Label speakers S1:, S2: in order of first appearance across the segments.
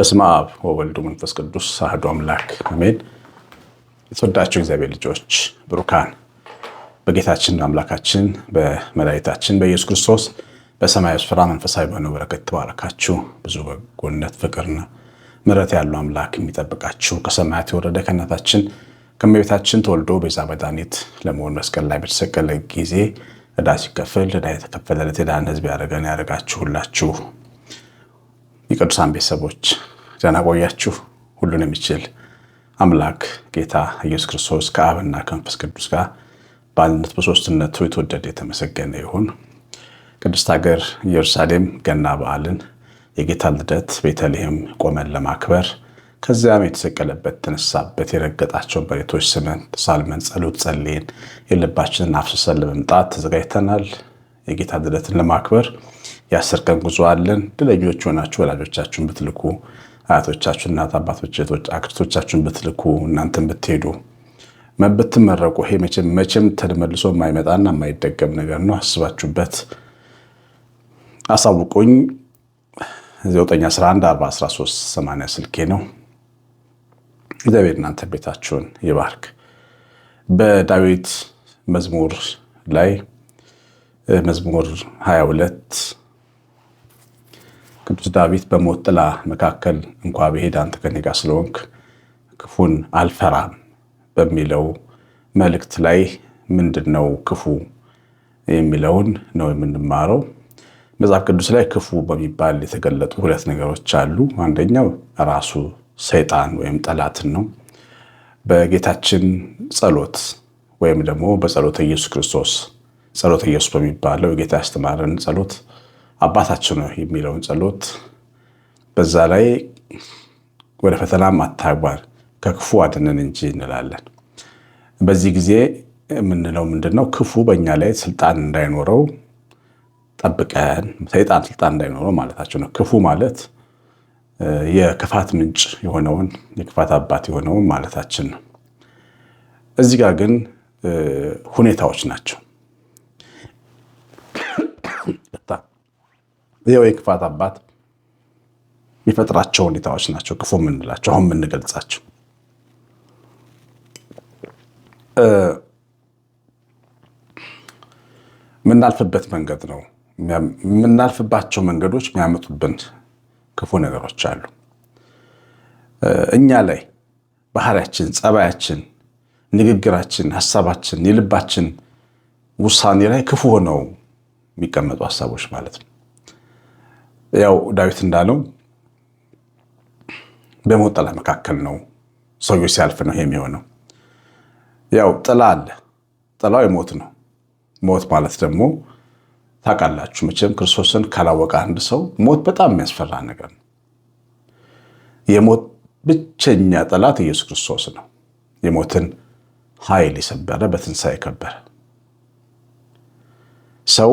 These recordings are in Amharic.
S1: በስመ አብ ወወልድ መንፈስ ቅዱስ አህዶ አምላክ አሜን። የተወዳችሁ እግዚአብሔር ልጆች ብሩካን በጌታችን አምላካችን በመድኃኒታችን በኢየሱስ ክርስቶስ በሰማያዊ ስፍራ መንፈሳዊ በሆነ በረከት ተባረካችሁ። ብዙ በጎነት ፍቅርና ምሕረት ያለው አምላክ የሚጠብቃችሁ ከሰማያት የወረደ ከእናታችን ከእመቤታችን ተወልዶ ቤዛ መድኃኒት ለመሆን መስቀል ላይ በተሰቀለ ጊዜ ዕዳ ሲከፍል ዕዳ የተከፈለለት የዳን ሕዝብ ያደረገን ያደረጋችሁላችሁ የቅዱሳን ቤተሰቦች ደህና ቆያችሁ። ሁሉን የሚችል አምላክ ጌታ ኢየሱስ ክርስቶስ ከአብና ከመንፈስ ቅዱስ ጋር በአንድነት በሶስትነቱ የተወደደ የተመሰገነ ይሁን። ቅድስት ሀገር ኢየሩሳሌም ገና በዓልን የጌታ ልደት ቤተልሔም ቆመን ለማክበር ከዚያም የተሰቀለበት ተነሳበት የረገጣቸውን በሬቶች ስመን ተሳልመን ጸሎት ጸልየን የልባችንን አፍስሰን ለመምጣት ተዘጋጅተናል። የጌታ ልደትን ለማክበር የአስር ቀን ጉዞ አለን። ድለጆች የሆናችሁ ወላጆቻችሁን ብትልኩ አያቶቻችሁ፣ እናት አባቶች፣ አክስቶቻችሁን ብትልኩ እናንተን ብትሄዱ ብትመረቁ ይሄ መቼም ተመልሶ የማይመጣና የማይደገም ነገር ነው። አስባችሁበት አሳውቁኝ። 9114138 ስልኬ ነው። እግዚአብሔር እናንተ ቤታችሁን ይባርክ። በዳዊት መዝሙር ላይ መዝሙር 22 ቅዱስ ዳዊት በሞት ጥላ መካከል እንኳ ብሄድ አንተ ከኔ ጋር ስለሆንክ ክፉን አልፈራም በሚለው መልእክት ላይ ምንድን ነው ክፉ የሚለውን ነው የምንማረው። መጽሐፍ ቅዱስ ላይ ክፉ በሚባል የተገለጡ ሁለት ነገሮች አሉ። አንደኛው ራሱ ሰይጣን ወይም ጠላትን ነው። በጌታችን ጸሎት ወይም ደግሞ በጸሎተ ኢየሱስ ክርስቶስ ጸሎተ ኢየሱስ በሚባለው የጌታ ያስተማረን ጸሎት አባታችን ነው የሚለውን ጸሎት በዛ ላይ ወደ ፈተናም አታግባን ከክፉ አድነን እንጂ እንላለን። በዚህ ጊዜ የምንለው ምንድን ነው? ክፉ በእኛ ላይ ስልጣን እንዳይኖረው ጠብቀን፣ ሰይጣን ስልጣን እንዳይኖረው ማለታቸው ነው። ክፉ ማለት የክፋት ምንጭ የሆነውን የክፋት አባት የሆነውን ማለታችን ነው። እዚህ ጋር ግን ሁኔታዎች ናቸው። ይኸው የክፋት አባት የሚፈጥራቸው ሁኔታዎች ናቸው ክፉ የምንላቸው አሁን የምንገልጻቸው። የምናልፍበት መንገድ ነው። የምናልፍባቸው መንገዶች የሚያመጡብን ክፉ ነገሮች አሉ። እኛ ላይ ባህሪያችን፣ ጸባያችን፣ ንግግራችን፣ ሀሳባችን፣ የልባችን ውሳኔ ላይ ክፉ ሆነው የሚቀመጡ ሀሳቦች ማለት ነው። ያው ዳዊት እንዳለው በሞት ጥላ መካከል ነው ሰውዬው ሲያልፍ ነው የሚሆነው። ያው ጥላ አለ። ጥላው የሞት ነው። ሞት ማለት ደግሞ ታውቃላችሁ መቼም ክርስቶስን ካላወቀ አንድ ሰው ሞት በጣም የሚያስፈራ ነገር ነው። የሞት ብቸኛ ጠላት ኢየሱስ ክርስቶስ ነው። የሞትን ኃይል የሰበረ በትንሣኤ የከበረ ሰው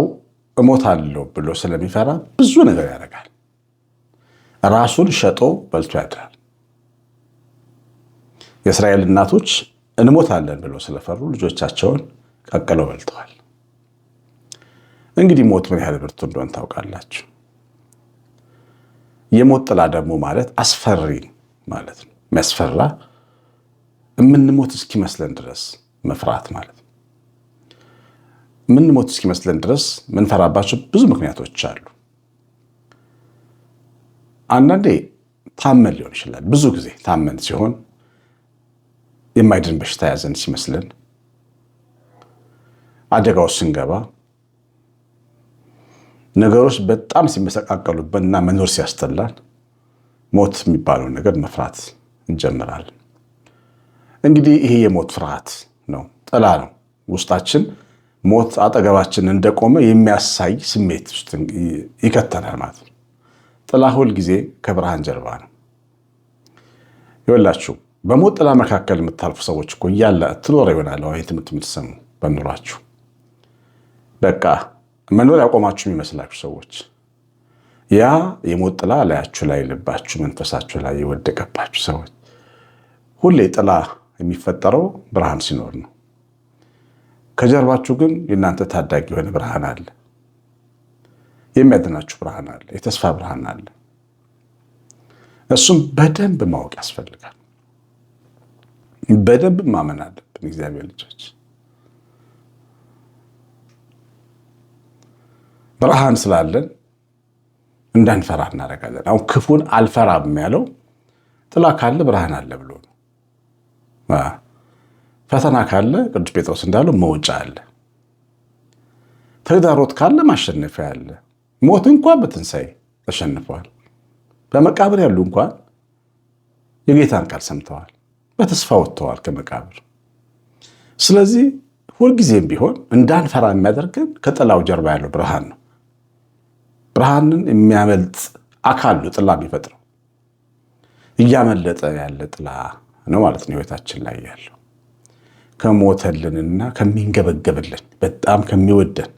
S1: እሞታለሁ ብሎ ስለሚፈራ ብዙ ነገር ያደርጋል። ራሱን ሸጦ በልቶ ያድራል። የእስራኤል እናቶች እንሞታለን ብለው ስለፈሩ ልጆቻቸውን ቀቅለው በልተዋል። እንግዲህ ሞት ምን ያህል ብርቱ እንደሆን ታውቃላችሁ። የሞት ጥላ ደግሞ ማለት አስፈሪ ማለት ነው። የሚያስፈራ የምንሞት እስኪመስለን ድረስ መፍራት ማለት ምን ሞት እስኪመስለን ድረስ ምንፈራባቸው ብዙ ምክንያቶች አሉ። አንዳንዴ ታመን ሊሆን ይችላል። ብዙ ጊዜ ታመን ሲሆን የማይድን በሽታ ያዘን ሲመስለን፣ አደጋው ስንገባ፣ ነገሮች በጣም ሲመሰቃቀሉበት እና መኖር ሲያስጠላን ሞት የሚባለውን ነገር መፍራት እንጀምራለን። እንግዲህ ይሄ የሞት ፍርሃት ነው፣ ጥላ ነው ውስጣችን ሞት አጠገባችን እንደቆመ የሚያሳይ ስሜት ውስጥ ይከተናል ማለት ነው። ጥላ ሁል ጊዜ ከብርሃን ጀርባ ነው። ይወላችሁ በሞት ጥላ መካከል የምታልፉ ሰዎች እኮ እያለ ትኖረ ይሆናል ወይ ትምህርት የምትሰሙ በኑሯችሁ በቃ መኖር ያቆማችሁ የሚመስላችሁ ሰዎች ያ የሞት ጥላ ላያችሁ ላይ ልባችሁ፣ መንፈሳችሁ ላይ የወደቀባችሁ ሰዎች ሁሌ ጥላ የሚፈጠረው ብርሃን ሲኖር ነው። ከጀርባችሁ ግን የእናንተ ታዳጊ የሆነ ብርሃን አለ፣ የሚያድናችሁ ብርሃን አለ፣ የተስፋ ብርሃን አለ። እሱም በደንብ ማወቅ ያስፈልጋል። በደንብ ማመን አለብን። እግዚአብሔር ልጆች ብርሃን ስላለን እንዳንፈራ እናደርጋለን። አሁን ክፉን አልፈራም ያለው ጥላ ካለ ብርሃን አለ ብሎ ነው። ፈተና ካለ ቅዱስ ጴጥሮስ እንዳለው መውጫ አለ። ተግዳሮት ካለ ማሸነፊያ አለ። ሞት እንኳን በትንሣኤ ተሸንፈዋል። በመቃብር ያሉ እንኳን የጌታን ቃል ሰምተዋል፣ በተስፋ ወጥተዋል ከመቃብር። ስለዚህ ሁልጊዜም ቢሆን እንዳንፈራ የሚያደርገን ከጥላው ጀርባ ያለው ብርሃን ነው። ብርሃንን የሚያመልጥ አካል ነው ጥላ የሚፈጥረው። እያመለጠ ያለ ጥላ ነው ማለት ነው ህይወታችን ላይ ያለው ከሞተልንና ከሚንገበገብልን በጣም ከሚወደን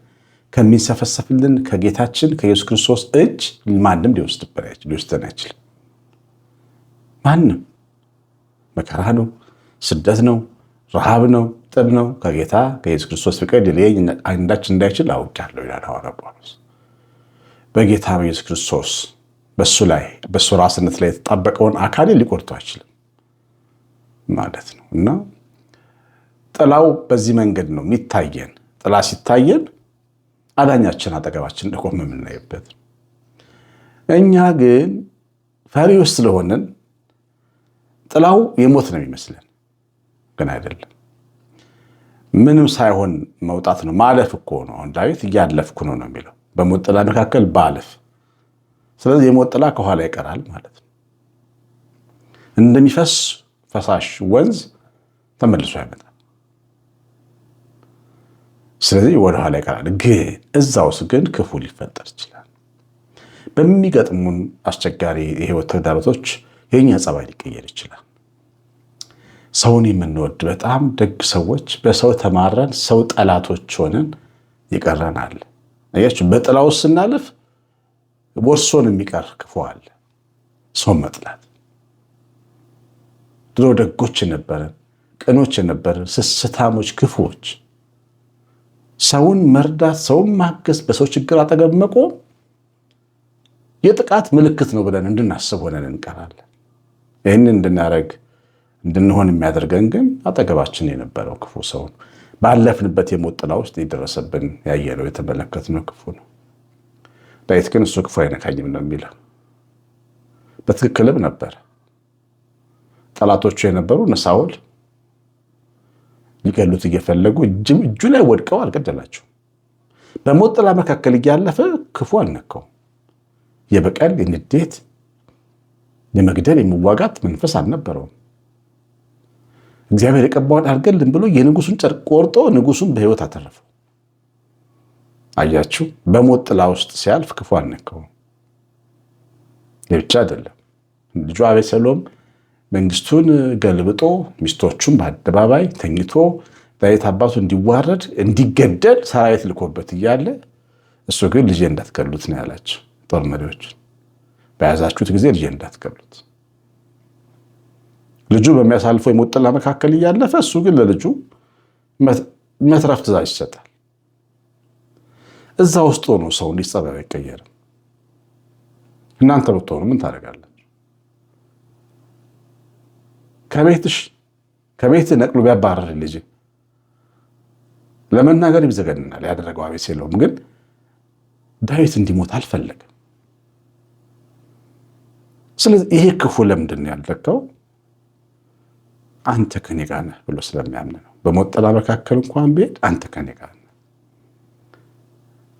S1: ከሚንሰፈሰፍልን ከጌታችን ከኢየሱስ ክርስቶስ እጅ ማንም ሊወስደን አይችልም። ማንም መከራ ነው፣ ስደት ነው፣ ረሃብ ነው፣ ጥም ነው። ከጌታ ከኢየሱስ ክርስቶስ ፍቅር ሊለየኝ አንዳች እንዳይችል አውቃለሁ ይላል ሐዋርያው ጳውሎስ። በጌታ በኢየሱስ ክርስቶስ በሱ ላይ በሱ ራስነት ላይ የተጣበቀውን አካል ሊቆርጠው አይችልም ማለት ነው እና ጥላው በዚህ መንገድ ነው የሚታየን። ጥላ ሲታየን አዳኛችን አጠገባችን እንደቆመ የምናይበት። እኛ ግን ፈሪዎች ስለሆንን ጥላው የሞት ነው የሚመስለን፣ ግን አይደለም። ምንም ሳይሆን መውጣት ነው ማለፍ እኮ ነው። አሁን ዳዊት እያለፍኩ ነው ነው የሚለው በሞት ጥላ መካከል ባለፍ። ስለዚህ የሞት ጥላ ከኋላ ይቀራል ማለት ነው። እንደሚፈስ ፈሳሽ ወንዝ ተመልሶ አይመጣል። ስለዚህ ወደ ኋላ ይቀራል። ግን እዛውስ ግን ክፉ ሊፈጠር ይችላል። በሚገጥሙን አስቸጋሪ የህይወት ተግዳሮቶች የእኛ ጸባይ ሊቀየር ይችላል። ሰውን የምንወድ በጣም ደግ ሰዎች በሰው ተማረን ሰው ጠላቶች ሆነን ይቀረናል። አያችሁ፣ በጥላ ውስጥ ስናልፍ ወርሶን የሚቀር ክፉ አለ። ሰው መጥላት ድሮ ደጎች የነበረን ቅኖች የነበረን ስስታሞች ክፉዎች ሰውን መርዳት፣ ሰውን ማገዝ፣ በሰው ችግር አጠገብ መቆም የጥቃት ምልክት ነው ብለን እንድናስብ ሆነን እንቀራለን። ይህንን እንድናደርግ እንድንሆን የሚያደርገን ግን አጠገባችን የነበረው ክፉ ሰው ባለፍንበት የሞት ጥላ ውስጥ የደረሰብን ያየነው የተመለከትነው ክፉ ነው። ዳዊት ግን እሱ ክፉ አይነካኝም ነው የሚለው። በትክክልም ነበር። ጠላቶቹ የነበሩ እነ ሳውል ሊገሉት እየፈለጉ እጁ ላይ ወድቀው አልገደላቸው። በሞት ጥላ መካከል እያለፈ ክፉ አልነካው። የበቀል የንዴት፣ የመግደል፣ የመዋጋት መንፈስ አልነበረውም። እግዚአብሔር የቀባውን አልገልም ብሎ የንጉሱን ጨርቅ ቆርጦ ንጉሱን በህይወት አተረፈው። አያችሁ፣ በሞት ጥላ ውስጥ ሲያልፍ ክፉ አልነካውም። የብቻ አይደለም ልጁ ሰሎም። መንግስቱን ገልብጦ ሚስቶቹን በአደባባይ ተኝቶ ዳዊት አባቱ እንዲዋረድ እንዲገደል ሰራዊት ልኮበት እያለ እሱ ግን ልጄ እንዳትገሉት ነው ያላቸው። ጦር መሪዎች በያዛችሁት ጊዜ ልጄ እንዳትገሉት። ልጁ በሚያሳልፈው የሞት ጥላ መካከል እያለፈ እሱ ግን ለልጁ መትረፍ ትእዛዝ ይሰጣል። እዛ ውስጥ ሆኖ ሰው እንዲጸበብ አይቀየርም። እናንተ ብትሆኑ ምን ታደርጋለ? ከቤትሽ ከቤት ነቅሎ ቢያባረር ልጅ ለመናገር ይዘገንናል። ያደረገው አቤት የለውም፣ ግን ዳዊት እንዲሞት አልፈለግም። ስለዚህ ይሄ ክፉ ለምንድን ነው ያደረግከው? አንተ ከኔ ጋር ነህ ብሎ ስለሚያምን ነው። በሞት ጥላ መካከል እንኳን ብሄድ አንተ ከኔ ጋር ነህ።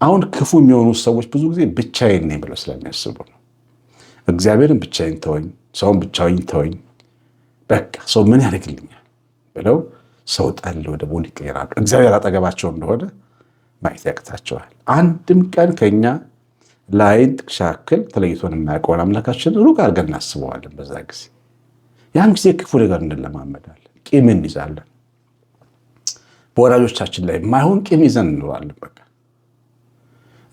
S1: አሁን ክፉ የሚሆኑ ሰዎች ብዙ ጊዜ ብቻዬን ነኝ ብለው ስለሚያስቡ ነው። እግዚአብሔርን ብቻዬን ተወኝ፣ ሰውን ብቻዬን ተወኝ በቃ ሰው ምን ያደርግልኛል ብለው ሰው ጠል ወደ ሞን ይቀይራሉ። እግዚአብሔር አጠገባቸው እንደሆነ ማየት ያቅታቸዋል። አንድም ቀን ከኛ ለአይን ጥቅሻ ያክል ተለይቶን የማያውቀውን አምላካችን ሩቅ አድርገን እናስበዋለን። በዛ ጊዜ ያን ጊዜ ክፉ ነገር እንለማመዳለን፣ ቂም እንይዛለን። በወዳጆቻችን ላይ የማይሆን ቂም ይዘን እንለዋለን። በቃ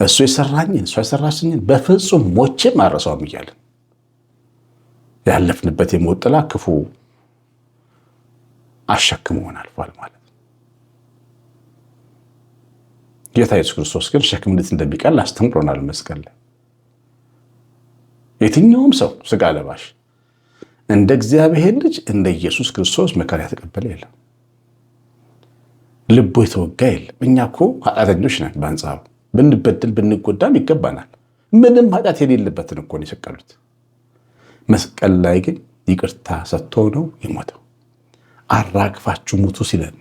S1: እሱ የሰራኝን እሱ የሰራችኝን በፍጹም ሞቼም አረሳውም እያለን ያለፍንበት የሞት ጥላ ክፉ አሸክመውን አልፏል ማለት ነው። ጌታ ኢየሱስ ክርስቶስ ግን ሸክም እንዴት እንደሚቀል አስተምሮናል መስቀል ላይ። የትኛውም ሰው ስጋ ለባሽ እንደ እግዚአብሔር ልጅ እንደ ኢየሱስ ክርስቶስ መከራ ያተቀበለ የለም፣ ልቦ የተወጋ የለም። እኛ እኮ ኃጢአተኞች ነን። በአንጻሩ ብንበድል ብንጎዳም ይገባናል። ምንም ኃጢአት የሌለበትን እኮ ነው የሰቀሉት። መስቀል ላይ ግን ይቅርታ ሰጥቶ ነው የሞተው። አራግፋችሁ ሙቱ ሲለን፣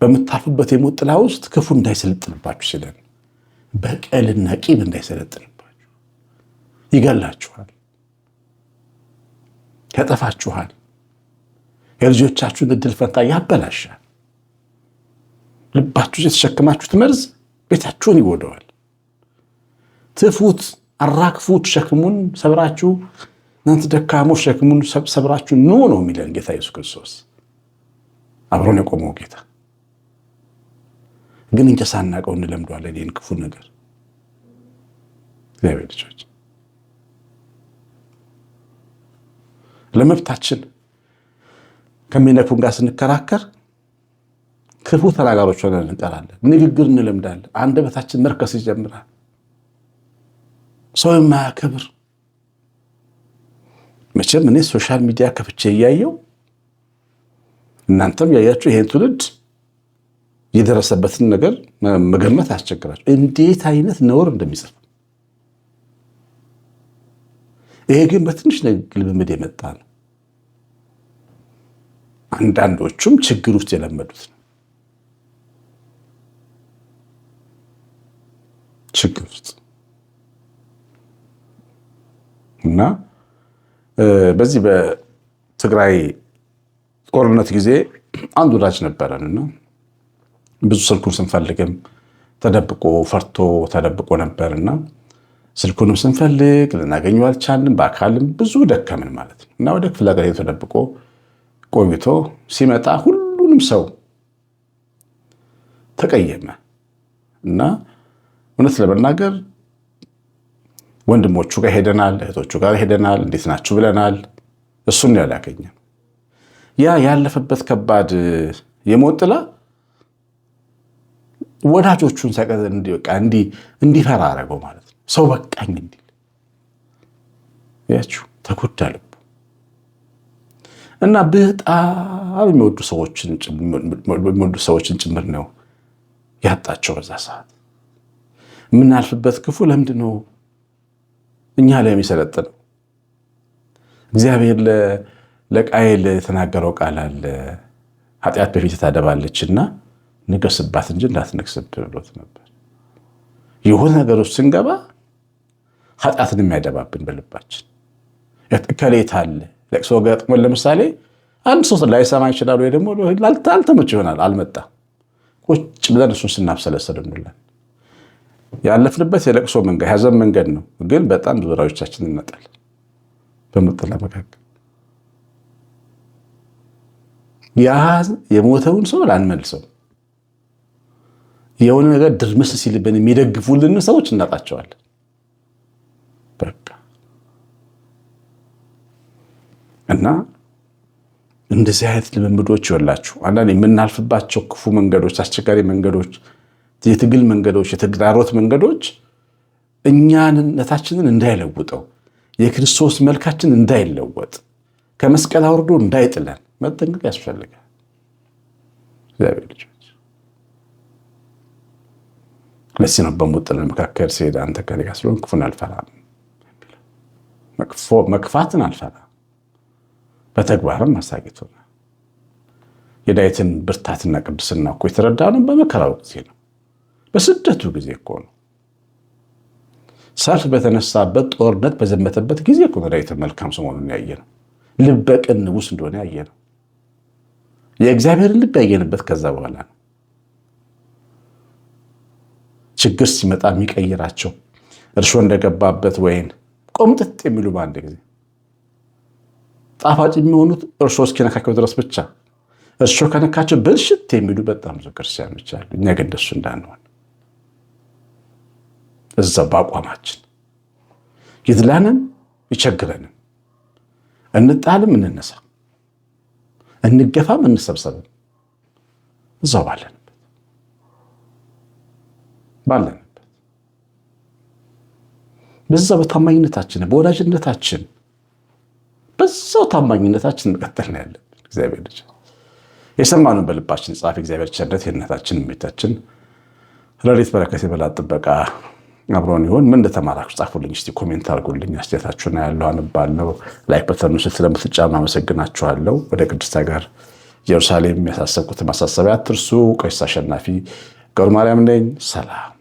S1: በምታርፉበት የሞት ጥላ ውስጥ ክፉ እንዳይሰለጥንባችሁ ሲለን፣ በቀልና ቂም እንዳይሰለጥንባችሁ ይገላችኋል፣ ያጠፋችኋል፣ የልጆቻችሁን እድል ፈንታ ያበላሻል። ልባችሁ የተሸክማችሁት መርዝ ቤታችሁን ይወደዋል። ትፉት፣ አራግፉት፣ ሸክሙን ሰብራችሁ እናንተ ደካሞች ሸክሙን ሰብራችሁ ኑ ነው የሚለን ጌታ ኢየሱስ ክርስቶስ። አብሮን የቆመው ጌታ ግን እኛ ሳናውቀው እንለምደዋለን ይህን ክፉ ነገር። እግዚአብሔር ልጆች ለመብታችን ከሚነክፉን ጋር ስንከራከር ክፉ ተናጋሮች ሆነን እንቀራለን። ንግግር እንለምዳለን። አንደበታችን መርከስ ይጀምራል። ሰው የማያከብር መቼም እኔ ሶሻል ሚዲያ ከፍቼ እያየው እናንተም ያያችሁ ይሄን ትውልድ የደረሰበትን ነገር መገመት አስቸግራችሁ እንዴት አይነት ነውር እንደሚጽፍ ይሄ ግን በትንሽ ልምምድ የመጣ ነው። አንዳንዶቹም ችግር ውስጥ የለመዱት ነው። ችግር ውስጥ እና በዚህ በትግራይ ጦርነት ጊዜ አንድ ወዳጅ ነበረን እና ብዙ ስልኩን ስንፈልግም ተደብቆ ፈርቶ ተደብቆ እና ስልኩንም ስንፈልግ ልናገኘው አልቻልንም። በአካልም ብዙ ደከምን ማለት ነው እና ወደ ክፍለ ሀገር ተደብቆ ቆይቶ ሲመጣ ሁሉንም ሰው ተቀየመ እና እውነት ለመናገር ወንድሞቹ ጋር ሄደናል፣ እህቶቹ ጋር ሄደናል፣ እንዴት ናችሁ ብለናል። እሱን ያላገኘ ያ ያለፈበት ከባድ የሞት ጥላ ወዳጆቹን እንዲ እንዲፈራ አረገው ማለት ነው። ሰው በቃኝ እንዲል ያችሁ ተጎዳ ልቡ እና በጣም የሚወዱ ሰዎችን ጭምር ነው ያጣቸው በዛ ሰዓት። የምናልፍበት ክፉ ለምንድን ነው እኛ ላይ የሚሰለጥን እግዚአብሔር ለቃየል የተናገረው ቃል አለ። ኃጢአት በፊት እና ንገስባት እንጂ እንዳትነግስብ ብሎት ነበር። የሆነ ነገር ውስጥ ስንገባ ኃጢአትን የሚያደባብን በልባችን ከሌት አለ። ለቅሶ ገጥሞን ለምሳሌ አንድ ሰው ላይሰማ ይችላል፣ ወይ ደግሞ ላልተመች ይሆናል አልመጣ ቁጭ ብለን እሱን ስናብሰለሰል እንውላለን። ያለፍንበት የለቅሶ መንገድ ያዘን መንገድ ነው፣ ግን በጣም ዙሪያዎቻችን እናጣል በመጠላ መካከል ያ የሞተውን ሰው ላንመልሰው የሆነ ነገር ድርምስ ሲልብን የሚደግፉልን ሰዎች እናጣቸዋለን። በቃ እና እንደዚህ አይነት ልምምዶች ይወላችሁ አንዳንድ የምናልፍባቸው ክፉ መንገዶች፣ አስቸጋሪ መንገዶች የትግል መንገዶች፣ የተግዳሮት መንገዶች እኛንነታችንን እንዳይለውጠው የክርስቶስ መልካችን እንዳይለወጥ ከመስቀል አውርዶ እንዳይጥለን መጠንቀቅ ያስፈልጋል። እግዚአብሔር ልጆች፣ ለዚህ ነው በሞጥለ መካከል ሲሄድ አንተ ከእኔ ጋር ስለሆንክ ክፉን አልፈራም፣ መክፋትን አልፈራም። በተግባርም አሳግቶናል። የዳዊትን ብርታትና ቅድስና እኮ የተረዳነው በመከራው ጊዜ ነው። በስደቱ ጊዜ እኮ ነው። ሰልፍ በተነሳበት ጦርነት በዘመተበት ጊዜ እኮ ነው ዳዊት መልካም ሰው መሆኑን ያየ ነው። ልበቅን ንጉስ እንደሆነ ያየ ነው። የእግዚአብሔርን ልብ ያየንበት ከዛ በኋላ ነው። ችግር ሲመጣ የሚቀይራቸው እርሾ እንደገባበት ወይን ቆምጥጥ የሚሉ በአንድ ጊዜ ጣፋጭ የሚሆኑት እርሾ እስኪነካቸው ድረስ ብቻ እርሾ ከነካቸው ብልሽት የሚሉ በጣም ብዙ ክርስቲያኖች አሉ። እኛ ግን እንደሱ እንዳንሆን እዛ በአቋማችን ይድላንም ይቸግረንም እንጣልም እንነሳ እንገፋም እንሰብሰብም እዛው ባለንበት ባለንበት በዛው በታማኝነታችን በወዳጅነታችን በዛው ታማኝነታችን መቀጠል ነው ያለብን። እግዚአብሔር ልጅ የሰማነውን በልባችን ጻፍ። እግዚአብሔር ቸርነት የእናታችን ሜታችን ረድኤት በረከት የበላ ጥበቃ አብሮን ይሁን። ምን እንደተማራችሁ ጻፉልኝ፣ እስኪ ኮሜንት አድርጉልኝ። አስተያየታችሁን ያለው አነባለው። ላይክ በተኑ ስለምትጫኑ አመሰግናችኋለሁ። ወደ ቅድስት ሀገር ኢየሩሳሌም ያሳሰብኩት ማሳሰቢያ አትርሱ። ቀሲስ አሸናፊ ገብረ ማርያም ነኝ። ሰላም